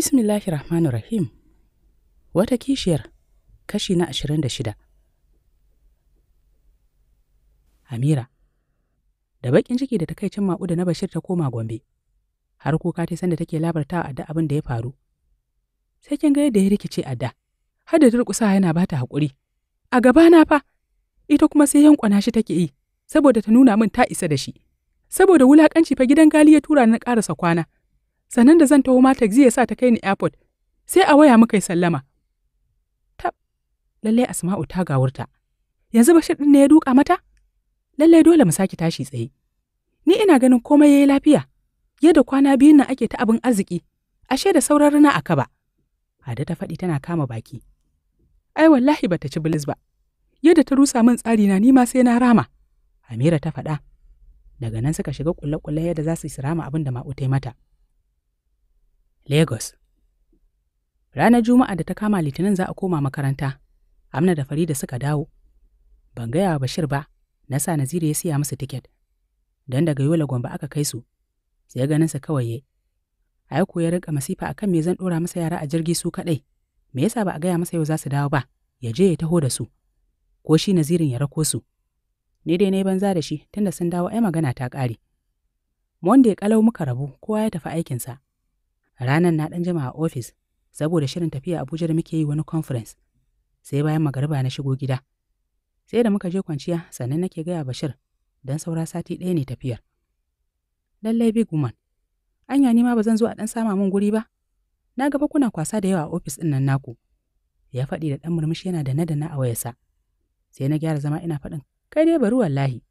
Bismillahi Rahmanu Rahim. Wata kishiyar kashi na ashirin da shida. Amira. Da baƙin ciki da ta takaicin maƙuda na Bashir ta koma Gombe. Har kuka ta sanda take labarta a da abin da ya faru. Sai kin ga yadda ya rikice a da. Har da durƙusa yana ba ta haƙuri. A gaba na fa. Ita kuma sai yankwana shi take yi saboda ta nuna min ta isa da shi. Saboda wulaƙanci fa gidan gali ya tura na ƙarasa kwana. sannan da zan taho ma taxi ya sa ta kai ni airport sai a waya muka yi sallama tab lallai asma'u ta gawurta yanzu bashir ɗin ne ya duka mata lallai dole mu sake tashi tsaye ni ina ganin komai ya yi lafiya yadda kwana biyun nan ake ta abin arziki ashe da sauran rina a kaba Hada ta faɗi tana kama baki ai wallahi bata ci bilis ba yadda ta rusa min tsari na nima sai na rama Amira ta faɗa daga nan suka shiga kulle-kulle yadda za su yi su rama abin da ma'utai mata Lagos. Ranar Juma'a da ta kama Litinin za a koma makaranta, Amna da Farida suka dawo. Ban gaya wa Bashir ba, na sa Naziru ya siya musu tiket. Don daga Yola Gombe aka kai su, sai ganinsa kawai ya Aiko ya rika masifa a kan me zan ɗora masa yara a jirgi su kaɗai. Me yasa ba a gaya masa yau za su dawo ba, ya je ya taho da su. Ko shi Nazirin ya rako su. Ni dai na banza da shi tunda sun dawo ai magana ta ƙare. ya kalau muka rabu kowa ya tafi aikinsa. Ranan na ɗan jima a ofis saboda shirin tafiya Abuja da muke yi wani conference. Sai bayan magariba na shigo gida. Sai da muka je kwanciya sannan nake gaya Bashir dan saura sati ɗaya ne tafiyar. Lallai big woman, anya ni ma ba zan zo a ɗan sama mun guri ba? Na gaba kuna kwasa da yawa a ofis ɗin nan naku. Ya faɗi da ɗan murmushi yana da nadana a wayarsa. Sai na gyara zama ina faɗin, kai dai bari wallahi.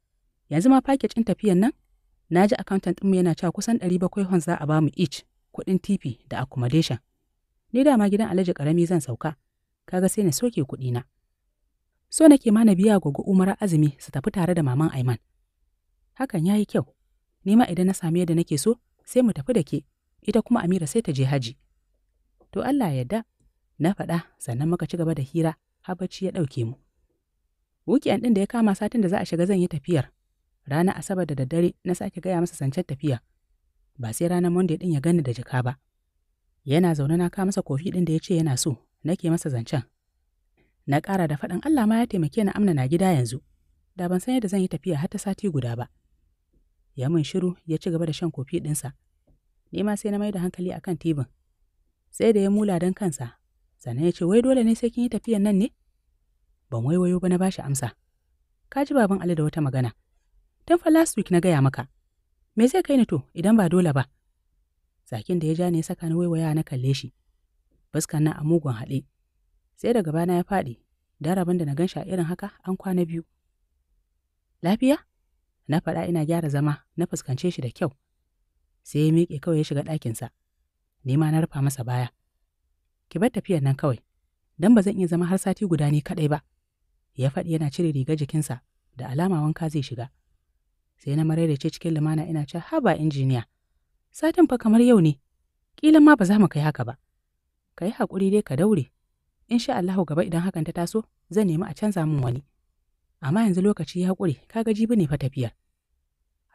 Yanzu ma fakecin tafiyar nan, na ji akantan ɗinmu yana cewa kusan ɗari bakwai hon za a ba mu each kuɗin tifi da accommodation. Ni dama gidan Alhaji ƙarami zan sauka, kaga sai na soke na. So nake ma na biya gwaggo Umar Azumi su tafi tare da maman Aiman. Hakan ya yi kyau, ni ma idan na sami yadda nake so sai mu tafi da ke, ita kuma Amira sai ta je haji. To Allah ya yarda na faɗa sannan muka ci gaba da hira har bacci ya ɗauke mu. Wukiyan ɗin da ya kama satin da za a shiga zan yi tafiyar, ranar Asabar da daddare na sake gaya masa zancen tafiya. ba sai ranar Monday din ya gani da jika ba. Yana zaune na ka masa kofi ɗin da ya ce yana so, nake masa zancen. Na ƙara da faɗin Allah ma ya taimake ni amna na gida yanzu, da ban san yadda zan yi tafiya har ta sati guda ba. Ya mun shiru ya ci gaba da shan kofi ɗinsa. Ni ma sai na mai da hankali akan tibin. Sai da ya mula don kansa, sannan ya ce wai dole ne sai kin yi tafiyan nan ne? Ban waiwayo ba na bashi amsa. Ka ji baban Ali da wata magana. Tun fa last week na gaya maka. Me zai kai ni to idan ba dole ba? Zakin da ya ja ne ya saka ni waiwaya na kalle shi. Baskan na a mugun haɗe. Sai da gabana ya faɗi, da rabin da na gan a irin haka an kwana biyu. Lafiya? Na faɗa ina gyara zama, na fuskance shi da kyau. Sai ya miƙe kawai ya shiga ɗakinsa. Ni ma na rufa masa baya. Ki bar tafiyar nan kawai, dan ba zan iya zama har sati guda ni kaɗai ba. Ya faɗi yana cire rigar jikinsa, da alama wanka zai shiga. sai na marai da ce cikin lumana ina ce haba injiniya satin fa kamar yau ne kila ma ba za mu kai haka ba ka yi haƙuri dai ka daure in sha Allahu gaba idan hakan ta taso zan nemi a canza min wani amma yanzu lokaci ya haƙuri ga jibi ne fa tafiyar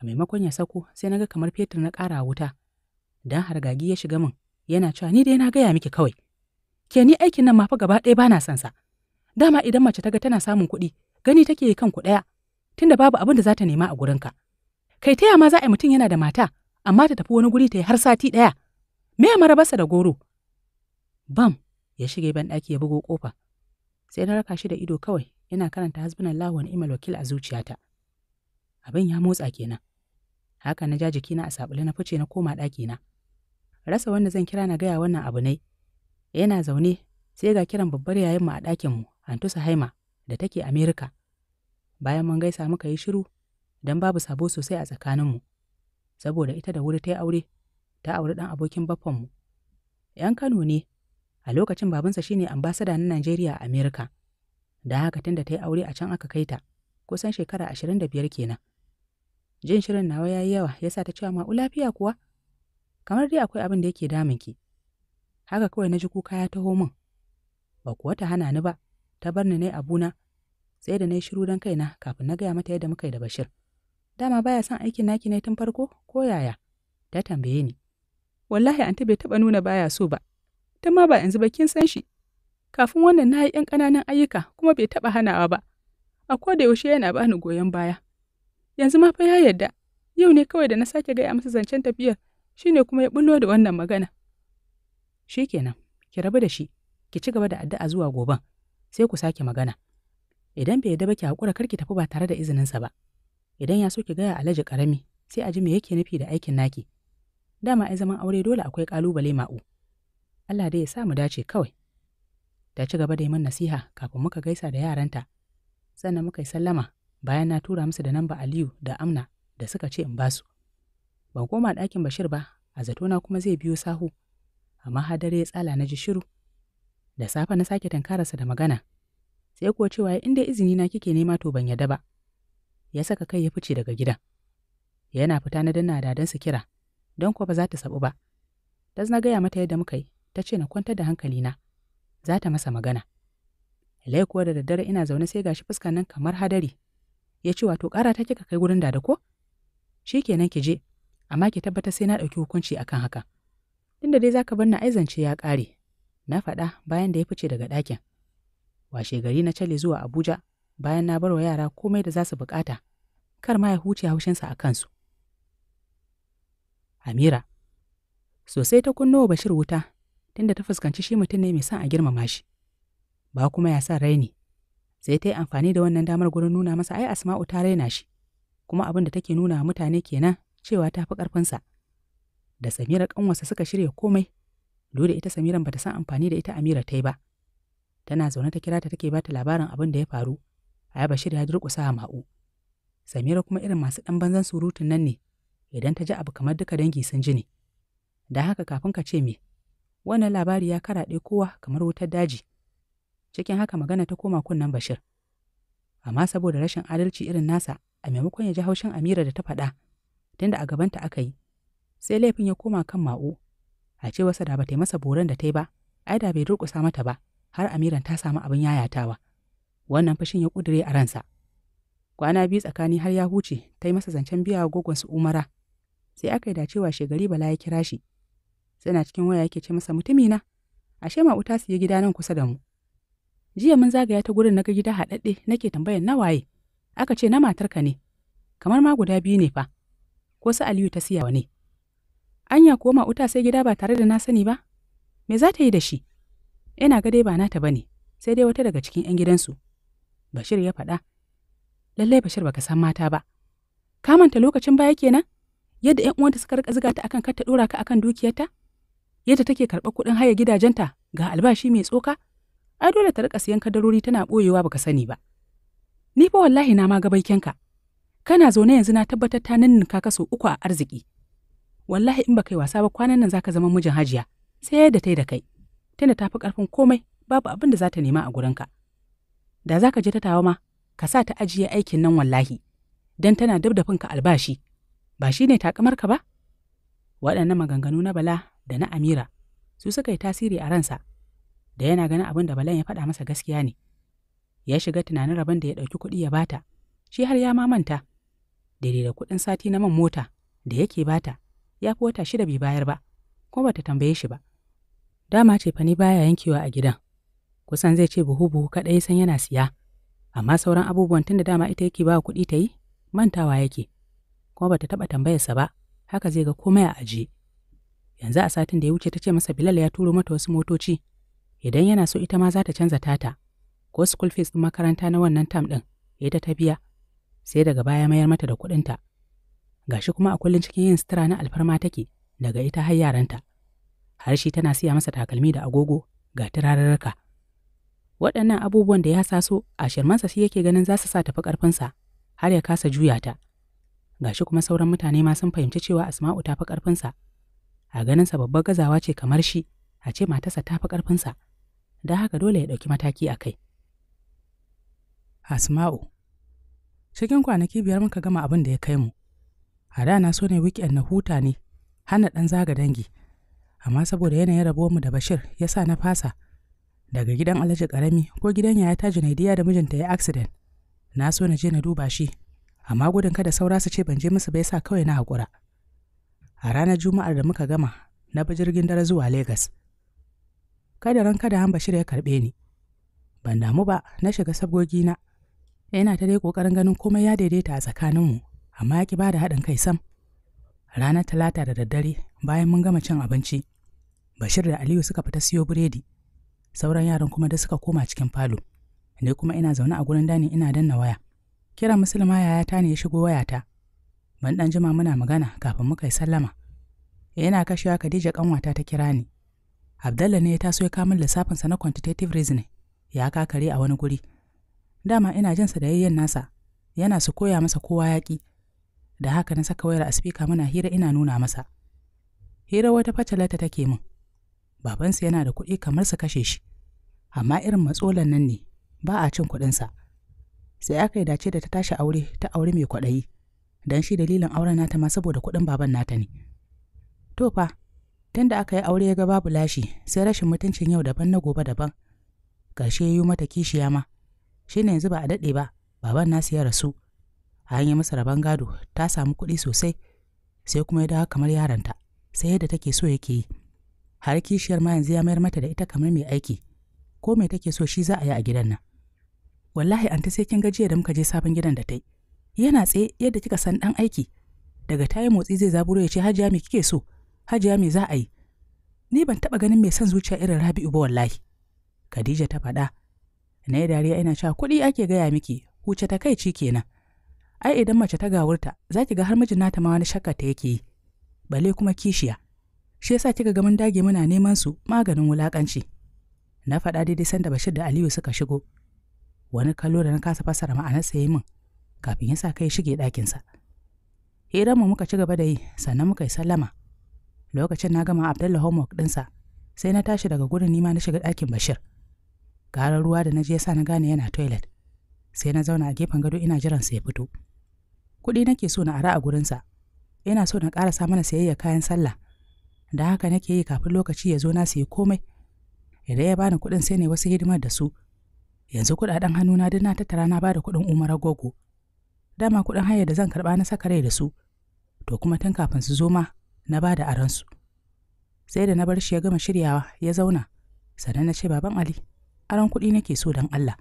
a maimakon ya sako sai na ga kamar fetur na ƙara wuta dan hargagi ya shiga min yana cewa ni dai na gaya miki kawai ke ni aikin nan ma fa gaba ɗaya ba son sa dama idan mace ta ga tana samun kuɗi gani take kan ku ɗaya tunda babu abin da za ta nema a gurinka. Kai ta ma za a mutum yana da mata, amma ta tafi wani guri ta yi har sati ɗaya. Me ya marabarsa da goro? Bam ya shiga ban ɗaki ya bugo ƙofa. Sai na raka shi da ido kawai yana karanta hasbin Allah wani imal wakil a zuciyata. Abin ya motsa kenan. Haka na ja jikina a sabule na fice na koma ɗaki na. Rasa wanda zan kira na gaya wannan abu nai. Yana zaune sai ga kiran babbar yayinmu a ɗakinmu, Antusa Haima, da take Amerika. bayan mun gaisa muka yi shiru don babu sabo sosai a tsakaninmu saboda ita da wuri ta yi aure ta auri ɗan abokin baffanmu ‘yan Kano ne a lokacin babansa shine ambasada na Najeriya a Amerika da haka tun da ta yi aure a can aka kai ta kusan shekara ashirin da biyar kenan jin shirin nawa ya yi yawa ya sa ta cewa ma'u lafiya kuwa kamar dai akwai abin da yake ki. haka kawai na ji kuka ya taho min ba kuwa ta hana ni ba ta bar ni ne abuna sai da na yi shiru don kaina kafin na gaya mata yadda muka yi da Bashir. Dama baya son aikin naki ne tun farko ko yaya? Ta tambaye ni. Wallahi an bai taɓa nuna baya so ba. Tun ma ba yanzu ba kin san shi. Kafin wannan na yi ‘yan ƙananan ayyuka kuma bai taɓa hanawa ba. A ko da yaushe yana ba ni goyon baya. Yanzu ma fa ya yarda. Yau ne kawai da na sake gaya masa zancen tafiyar shi ne kuma ya bullo da wannan magana. Shikenan, ki rabu da shi, ki ci gaba da addu'a zuwa goban sai ku sake magana. Idan bai yadda ba ki haƙura kar ki tafi ba tare da izininsa ba. Idan ya so ki gaya Alhaji ƙarami, sai a ji me yake nufi da aikin naki. Dama ai zaman aure dole akwai ƙalubale ma'u. Allah dai ya sa mu dace kawai. Ta ci gaba da yi min nasiha kafin muka gaisa da yaranta. Sannan muka yi sallama bayan na tura musu da namba Aliyu da Amna da suka ce in ba su. Ban koma ɗakin Bashir ba, a zato na kuma zai biyo sahu. Amma hadare ya tsala na ji shiru. Da safe na sake tankararsa da magana, sai kuwa cewa inda izini na kike nema to ban yadda ba ya saka kai ya fice daga gidan yana fita na danna dadan su kira don kuwa ba za ta sabu ba tas na gaya mata yadda muka yi ta ce na kwantar da hankali na. za ta masa magana lai kuwa da daddare ina zaune sai gashi fuska nan kamar hadari ya ce wato ƙara ta kika kai gurin dada ko shi kenan ki je amma ki tabbata sai na ɗauki hukunci akan haka tunda dai zaka bar na aizance ya ƙare na faɗa bayan da ya fice daga ɗakin washe gari na cale zuwa abuja bayan na barwa yara komai da za su bukata kar ma ya huce haushinsa a kansu amira sosai ta wa bashir wuta tunda ta fuskanci shi mutum ne mai son a girmama shi ba kuma ya sa raini sai ta yi amfani da wannan damar gurin nuna masa ai asma'u ta raina shi kuma abin da take nuna mutane kenan cewa ta fi ƙarfinsa da samira ƙanwarsa suka shirya komai dole ita samiran bata san amfani da ita amira ta yi ba tana zaune ta kira ta take bata labarin abin da ya faru a bashir ya durƙusa a ma'u samira kuma irin masu ɗan banzan surutun nan ne idan ta ji abu kamar duka dangi sun ji ne da haka kafin ka ce me wannan labari ya karaɗe kowa kamar wutar daji cikin haka magana ta koma kunnen bashir amma saboda rashin adalci irin nasa a maimakon ya ji haushin amira da ta faɗa tunda a gabanta aka yi sai laifin ya koma kan ma'u a ce wasa da ba ta yi masa boran da ta yi ba ai da bai durƙusa mata ba har amiran ta samu abin yayatawa wannan fashin ya kudure a ransa kwana biyu tsakani har ya huce ta yi masa zancen biya wa su umara sai aka yi dacewa shegari bala ya kira shi suna cikin waya yake ce masa mutumina ashe ma uta su gida nan kusa da mu jiya mun zagaya ta gurin naga gida haɗaɗɗe nake tambayar na waye aka ce na matar ka ne kamar ma guda biyu ne fa ko su aliyu ta siya wa ne anya ko ma uta sai gida ba tare da na sani ba me za ta yi da shi Ina eh, ga dai ba nata ba ne sai dai wata daga cikin 'yan gidansu. Bashir ya faɗa. Lallai Bashir baka san mata ba. Ka manta lokacin baya kenan? Yadda 'yan uwanta suka rika ziga ta akan kar ta dora ka akan dukiyarta? Yadda take karɓar kuɗin haya gidajenta ga albashi mai tsoka? Ai dole ta rika siyan kadarori tana ɓoyewa baka sani ba. Ni fa wallahi na ma ka Kana zaune yanzu na tabbatar ta ninninka kaso uku a arziki. Wallahi in baka yi wasa ba kwanan nan zaka zama mijin hajiya. Sai yadda tai da kai. tunda ta fi ƙarfin komai babu abin da za ta nema a gurinka. Da za ka je ta tawa ma, ka sa ta ajiye aikin nan wallahi, don tana dab da finka albashi, ba shi ne ka ba? Waɗannan maganganu na Bala da na Amira su suka yi tasiri a ransa, da yana ganin abin da Balan ya faɗa masa gaskiya ne. Ya shiga tunanin rabon da ya ɗauki kuɗi ya bata, shi har ya mamanta, daidai da kuɗin sati na man mota da yake bata, ya fi wata shida bai bayar ba, kuma bata tambaye shi ba. Dama ce, ni baya yankewa a gidan. Kusan zai ce buhu-buhu kaɗai san yana siya, amma sauran abubuwan tun da dama ita yake ba kuɗi ta yi, mantawa yake. Kuma bata taɓa tambayarsa ba, haka zai ga komai a ajiye. Yanzu a satin da ya wuce ta ce masa Bilal ya turo mata wasu motoci, idan yana so ita ma za ta canza tata, ko school fees ɗin makaranta na wannan tam ɗin, ita ta biya, sai daga baya mayar mata da kuɗinta. Gashi kuma a kullum cikin yin sutura na alfarma take daga ita har yaranta. har shi tana siya masa takalmi da agogo ga turararraka Waɗannan abubuwan da ya saso a shirmansa shi yake ganin za su sa tafi ƙarfinsa har ya kasa juya ta. shi kuma sauran mutane ma sun fahimci cewa Asma'u ta fi ƙarfinsa. A ganinsa babbar gazawa ce kamar shi a ce matarsa ta fi ƙarfinsa. Don haka dole ya ɗauki mataki a kai. Asma'u Cikin kwanaki biyar muka gama abin da ya kai mu. A da na so ne wiki na huta ne, hana ɗan zaga dangi. amma saboda yanayin mu da Bashir ya sa na fasa. Daga gidan Alhaji Karami ko gidan yaya ta Junaidiya da mijinta ya accident. Na so na je na duba shi, amma gudun kada saura su ce ban je musu ba yasa kawai na haƙura. A ranar Juma'ar da muka gama, na bi jirgin dare zuwa Legas. Kada ran kada han Bashir ya karɓe ni. Ban damu ba, na shiga sabgogina. Yana ta dai ƙoƙarin ganin komai ya daidaita a tsakaninmu, amma ya ki ba da haɗin kai sam. Ranar Talata da daddare, bayan mun gama cin abinci, bashir da aliyu suka fita siyo biredi sauran yaran kuma da suka koma cikin falo ne kuma ina zaune a gurin dani ina danna waya kira musulma yayata ne ya shigo wayata ban dan jima muna magana kafin muka yi sallama yana kashewa Khadija kanwata ta kira ni abdalla ne ya taso ya kamun lissafin sa na quantitative reasoning ya kakare a wani guri dama ina jin sa da yayyen nasa yana su koya masa kowa yaki da haka na saka wayar a speaker muna hira ina nuna masa hira wata facalata take min babansa yana da kuɗi kamar su kashe shi amma irin matsolan nan ne ba a cin kuɗinsa sai aka yi dace da ta tashi aure ta aure mai kwaɗayi don shi dalilin auren nata ma saboda kuɗin baban nata ne to fa tun da aka yi aure ya ga babu lashi sai rashin mutuncin yau daban na gobe daban ƙarshe yi mata kishiya ma shi ne yanzu ba a daɗe ba baban nasu ya rasu a yi masa rabon gado ta samu kuɗi sosai sai kuma ya dawo kamar yaranta sai yadda take so yake yi har kishiyar ma yanzu ya mayar mata da ita kamar mai aiki ko mai take so shi za a yi a gidan nan wallahi anta sai kin gajiya da muka je sabon gidan da ta yi yana tsaye yadda kika san dan aiki daga tayi motsi zai zaburo ya ce hajiya me kike so hajiya me za a yi ni ban taba ganin mai son zuciya irin rabi'u ba wallahi khadija ta faɗa na yi dariya ina cewa kuɗi ake gaya miki huce ta kai ci kenan ai idan mace ta gawurta za ki ga har mijin nata ma wani shakka ta yake yi bale kuma kishiya shi yasa kika ga mun dage muna neman su maganin wulakanci na faɗa daidai sanda Bashir da Aliyu suka shigo wani kallo da na kasa fassara ma'anarsa yi min kafin ya sa kai shige ɗakinsa mu muka ci gaba da yi sannan muka yi sallama lokacin na gama Abdullahi homework sa sai na tashi daga gurin nima na shiga ɗakin Bashir Garar ruwa da na je sa na gane yana toilet sai na zauna a gefen gado ina jiran sa ya fito kuɗi nake so na ara a sa. ina so na ƙarasa mana sayayya kayan sallah da haka nake yi kafin lokaci ya zo na su yi komai idan ya bani kuɗin sai ne wasu hidimar da su yanzu kuɗaɗen hannuna duk na tattara na bada kuɗin umara gogo dama kuɗin haya da zan karɓa na saka rai da su to kuma tun kafin su zo ma na bada aron su sai da na bar shi ya gama shiryawa ya zauna sannan na ce baban ali aron kuɗi nake so don allah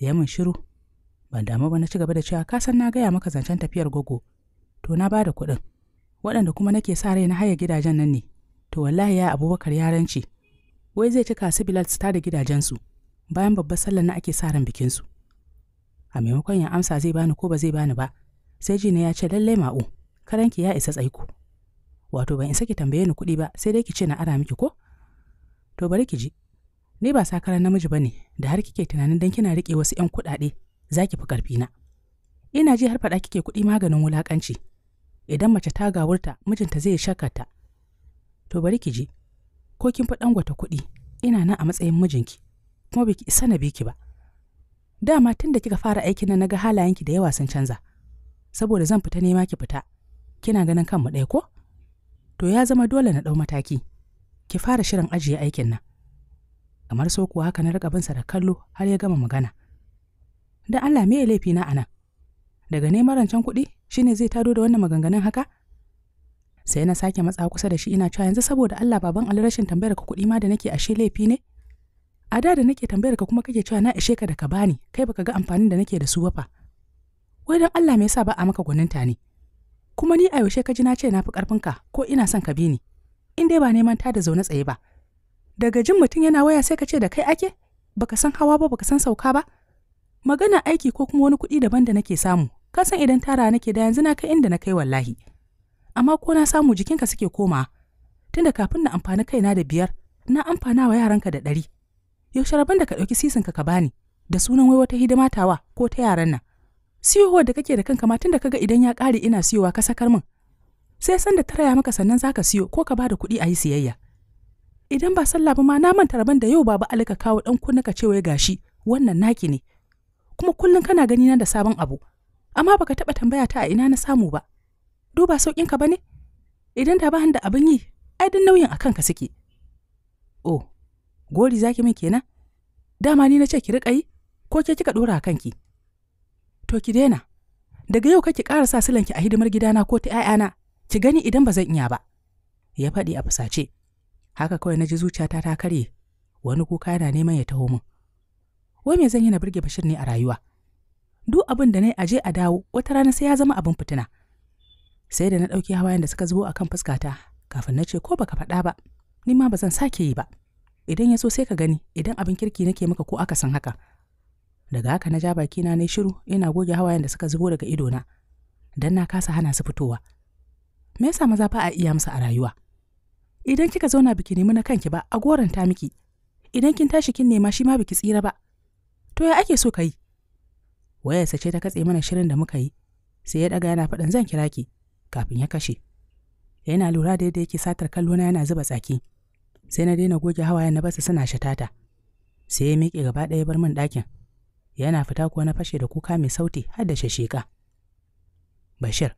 ya min shiru ban damu ba na ci gaba da cewa kasan na gaya maka zancen tafiyar gogo to na bada kuɗin waɗanda kuma nake sa rai na haya gidajen nan ne to wallahi ya abubakar yaranci wai zai cika su bilal su tada gidajensu bayan babbar sallar na ake sa ran bikinsu a maimakon ya amsa zai bani ko ba zai bani ba sai jina ya ce lallai ma'u karanki ya isa tsaiko wato ban isa ki tambaye ni kuɗi ba sai dai ki ce na ara miki ko to bari ki ji ni ba sakaran namiji ba ne da har kike tunanin dan kina rike wasu 'yan kuɗaɗe za ki fi na. ina ji har faɗa kike kuɗi maganin wulaƙanci idan mace ta gawurta mijinta zai shakata to bari ki je ko kin fi dangwata kuɗi ina nan a matsayin mijinki kuma biki isa na biki ba dama tun da kika fara aikin nan naga halayenki da yawa sun canza saboda zan fita nema ki fita kina ganin kanmu ɗaya ko to ya zama dole na ɗau mataki ki fara shirin ajiye aikin nan kamar so kuwa haka na riƙa sa da kallo har ya gama magana dan Allah me laifi na anan daga neman rancen kuɗi shine zai tado da wannan maganganun haka sai na sake matsa kusa da shi ina cewa yanzu saboda Allah baban Ali rashin tambayar ka kuɗi ma da nake ashe laifi ne a da da nake tambayar ka kuma kake cewa na ishe ka da ka bani kai baka ga amfanin da nake da su ba fa wai dan Allah me yasa ba a maka gwaninta ne kuma ni a yaushe ka ji na ce na fi karfin ka ko ina son ka bi ni in dai ba neman ta da zaune tsaye ba daga jin mutum yana waya sai ka ce da kai ake baka san hawa ba baka san sauka ba magana aiki ko kuma wani kuɗi daban da nake samu ka san idan tara nake da yanzu na kai inda na kai wallahi amma ko na samu jikinka suke koma tunda kafin na amfani kaina da biyar na amfana wa yaranka da ɗari yaushe rabin da ka ɗauki sisinka ka bani da sunan wai wata hidima tawa ko ta yaran nan siyowar da kake da kanka ma tunda kaga idan ya kare ina siyowa ka sakar min sai san da taraya maka sannan zaka siyo ko ka bada kuɗi a yi siyayya idan ba sallah ba ma na manta rabin da yau baba alika kawo dan kunna ka ce wai gashi wannan naki ne kuma kullum kana gani na da sabon abu amma baka taɓa tambaya ta a ina na samu ba duba saukin ba ne idan da ba da abin yi ai din nauyin akan ka suke oh gori zaki min kenan dama ni na ce ki rika yi ko ke kika dora akan kanki to ki daina daga yau kake ƙara sa silanki a hidimar gidana ko ta 'ya'yana ki gani idan ba zan iya ba ya faɗi a fusace haka kawai na ji zuciyata ta karye wani kuka yana neman ya taho min wai me zan yi na burge bashir ne a rayuwa duk abin da na yi aje a dawo wata rana sai ya zama abin fitina sai da na ɗauki hawayen da suka zubo akan kan fuskata kafin na ce ko baka faɗa ba ni ma ba zan sake yi ba idan ya so sai ka gani idan abin kirki nake maka ko aka san haka daga haka na ja bakina na shiru ina goge hawayen da suka zubo daga idona dan na kasa hana su fitowa me yasa maza fa a iya musu a rayuwa idan kika zauna biki nemi na kanki ba a goranta miki idan kin tashi kin nema shi ma biki tsira ba to ya ake so ka yi wayarsa ce ta katse mana shirin da muka yi sai ya daga yana faɗin zan kira ki kafin ya kashe yana lura da yadda yake satar kallo na yana zuba tsaki sai na daina goge hawayen na basa suna shatata sai ya miƙe gaba ɗaya bar min ɗakin yana fita kuwa na fashe da kuka mai sauti har da shasheka bashir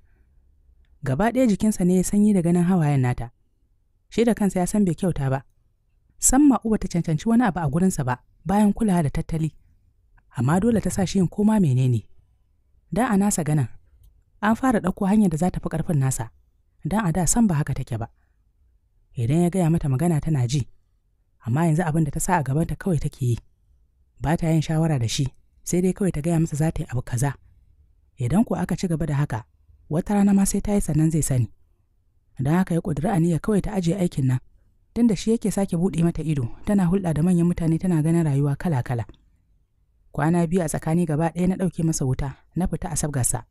gaba ɗaya jikinsa ne ya sanyi da ganin hawayen nata shi da kansa ya san bai kyauta ba Samma ma uba ta cancanci wani abu a gurinsa ba bayan kulawa da tattali amma dole ta sa shi yin koma menene. dan a nasa ganin, an fara ɗauko hanyar da za ta fi ƙarfin nasa, dan a da san ba haka take ba. Idan ya gaya mata magana tana ji, amma yanzu abin da ta sa a gabanta kawai take yi, ba ta yin shawara da shi, sai dai kawai ta gaya masa za ta yi abu kaza. Idan ko aka ci gaba da haka, wata rana ma sai ta yi sannan zai sani. Don haka ya ƙudiri aniyar kawai ta ajiye aikin nan, tunda shi yake sake buɗe mata ido, tana hulɗa da manyan mutane tana ganin rayuwa kala-kala. kwana biyu a tsakani gaba ɗaya na ɗauke masa wuta na fita a sabgarsa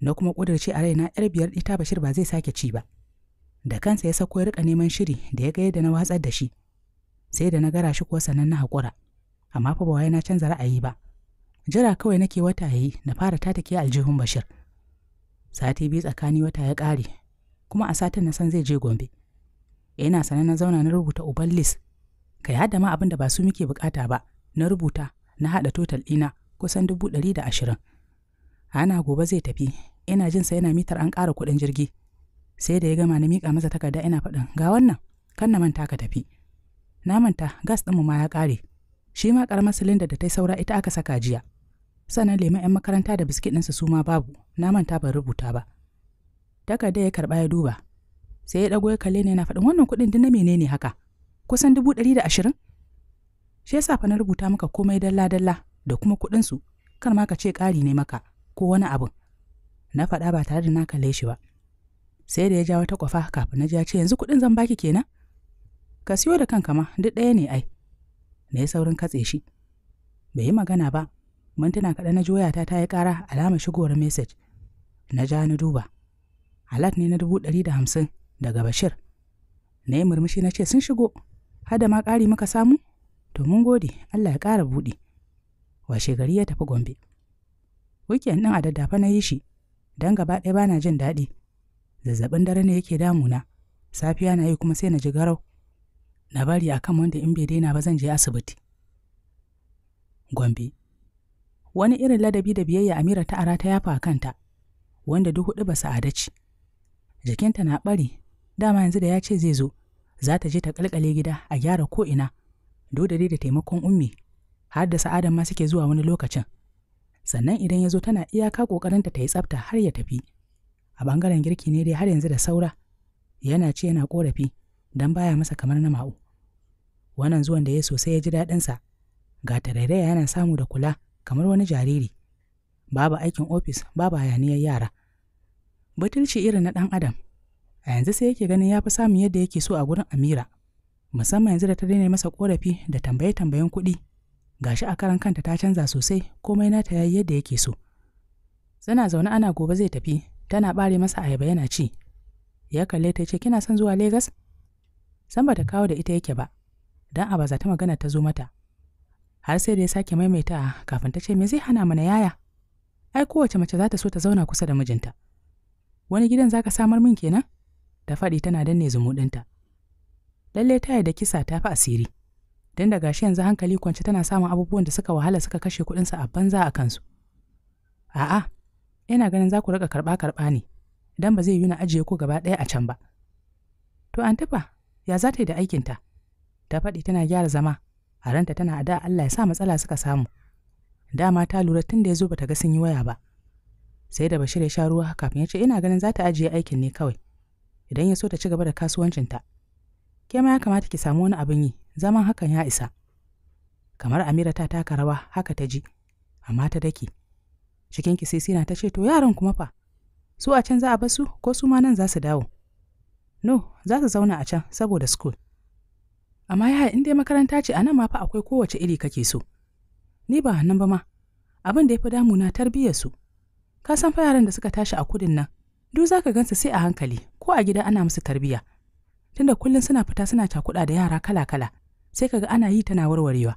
na kuma ƙudurce a raina yar biyar ita bashir ba zai sake ci ba da kansa ya sako ya rika neman shiri da ya ga yadda na watsar da shi sai da na gara shi kuwa sannan na haƙura amma fa ba wai na canza ra'ayi ba jira kawai nake wata yayi na fara tatake aljihun bashir sati biyu tsakani wata ya ƙare kuma a satin na san zai je gombe ina sanar na zauna na rubuta uban lis ka hada ma abin da ba su muke bukata ba na rubuta na haɗa total ɗina kusan dubu ɗari da ashirin ana gobe zai tafi ina jin sa yana mitar an ƙara kuɗin jirgi sai da ya gama na mika masa takarda ina faɗin ga wannan kan na manta ka tafi na manta gas ɗinmu ma ya ƙare shi ma ƙaramar silinda da ta saura ita aka saka jiya sannan lemun 'yan makaranta da biskit ɗinsu su ma babu na manta ban rubuta ba takarda ya karɓa ya duba sai ya ɗago ya kalle ni yana faɗin wannan kuɗin duk na menene haka kusan dubu ɗari da ashirin shi yasa fa na rubuta maka komai dalla-dalla da kuma kuɗinsu kar ma ka ce ƙari ne maka ko wani abu. na faɗa ba tare da na kalle shi ba sai da ya ja wata kwafa kafin na ya ce yanzu kuɗin zan baki kenan ka siyo da kanka ma duk ɗaya ne ai na yi saurin katse shi bai yi magana ba mintuna kaɗan na juya ta yi ƙara alamar shigowar message na ja na duba alat ne na dubu ɗari da hamsin daga bashir na yi murmushi na ce sun shigo har da ma ƙari muka samu To mun gode, Allah ya kara buɗe. Washe gari ya tafi Gombe. Wiken ɗin a daddafa na yi shi, don gaba ɗaya bana jin daɗi. Zazzaɓin dare ne yake damuna, safiya na yi kuma sai na ji garau. Na bari a kan wanda in bai daina ba zan je asibiti. Gombe. Wani irin ladabi da biyayya Amira ta ara ta yafa a kanta, wanda duk huɗu ba sa'ada ce. Jikinta na ɓari, dama yanzu da ya ce zai zo, za ta je ta ƙalƙale gida a gyara ko ina. dole da taimakon ummi har da sa'ada ma suke zuwa wani lokacin sannan idan ya zo tana iyaka ƙoƙarinta ta yi tsafta har ya tafi a ɓangaren girki ne dai har yanzu da saura yana ce yana ƙorafi don baya masa kamar na ma'u wannan zuwan da ya sosai ya ji daɗinsa ga tarairaya yana samu da kula kamar wani jariri babu aikin ofis babu hayaniyar yara butulci irin na ɗan adam a yanzu sai yake ganin ya fi samun yadda yake so a gurin amira musamman yanzu da ta daina masa korafi da tambaye-tambayen kuɗi gashi a karan kanta ta canza sosai komai nata yayi yadda yake so suna zaune ana gobe zai tafi tana bare masa ayaba yana ci ya kalle ta ce kina son zuwa Legas san ta kawo da ita yake ba dan a baza ta magana ta zo mata har sai da ya sake maimaita kafin ta ce me zai hana mana yaya ai kowace mace za ta so ta zauna kusa da mijinta wani gidan zaka samar min kenan ta faɗi tana danne zumuɗinta lallai ta da kisa ta fi asiri don da gashi yanzu hankali kwance tana samun abubuwan da suka wahala suka kashe kuɗinsa a banza a kansu a'a ina ganin za ku riƙa karɓa karɓa ne don ba zai yi na ajiye ku gaba ɗaya a can ba to antifa ya za ta yi da aikinta ta faɗi tana gyara zama a ranta tana a da Allah ya sa matsala suka samu dama ta lura tun da ya zo bata ga sun yi waya ba sai da Bashir ya sha ruwa kafin ya ce ina ganin za ta ajiye aikin ne kawai idan ya so ta ci gaba da kasuwancinta ke ma ya kamata ki samu wani abin yi zaman hakan ya isa kamar amira ta taka rawa haka ta ji amma ta dake cikin ki na ta ce to yaran kuma fa su a can za a basu ko su ma nan za su dawo no za su zauna a can saboda school amma ya in dai makaranta ce a nan ma fa akwai kowace iri kake so ni ba nan ba ma abin da ya fi damu na tarbiyyar su ka san fa yaran da suka tashi a kudin nan duk za ka gansu sai a hankali ko a gida ana musu tarbiyya tunda kullum suna fita suna cakuɗa da yara kala-kala sai kaga ana yi tana warwarewa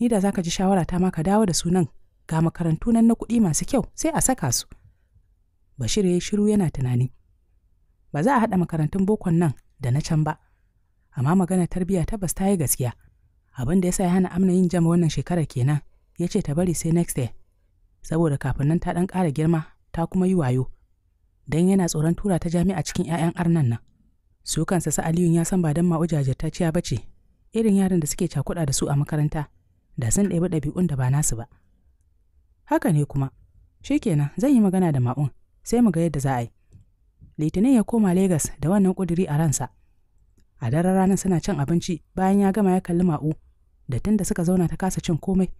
ni da zaka ji shawara ta ma ka dawo da sunan ga makarantu nan na kuɗi masu kyau sai a saka su bashir ya shiru yana tunani ba za a haɗa makarantun bokon nan da na can ba amma magana tarbiyya tabbas ta yi gaskiya abin da ya sa ya hana amna yin jama wannan shekarar kenan ya ce ta bari sai next year saboda kafin nan ta ɗan ƙara girma ta kuma yi wayo dan yana tsoron tura ta jami'a cikin 'ya'yan arnan nan su kansa sa Aliyun ya san ba dan ma'u jajirtacciya ba ce, irin yaran da suke cakuɗa da su a makaranta, da sun ɗebi ɗabi'un da ba nasu ba. Haka ne kuma, shi kenan zan yi magana da ma'un, sai mu ga yadda za a yi. Litinin ya koma Legas da wannan ƙuduri a ransa. A daren ranar suna cin abinci bayan ya gama ya kalli ma'u, da tun da suka zauna ta kasa cin komai.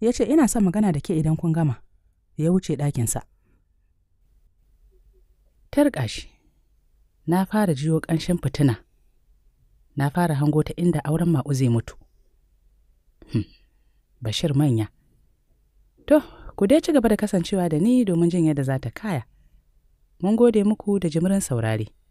Ya ce ina son magana da ke idan kun gama, ya wuce ɗakinsa. Ta riƙa shi, na fara jiyo ƙanshin fitina na fara hango ta inda auren ma'u zai mutu hmm, bashir manya to ku dai ci gaba da kasancewa da ni domin jin yadda za ta kaya mun gode muku da jimirin saurari.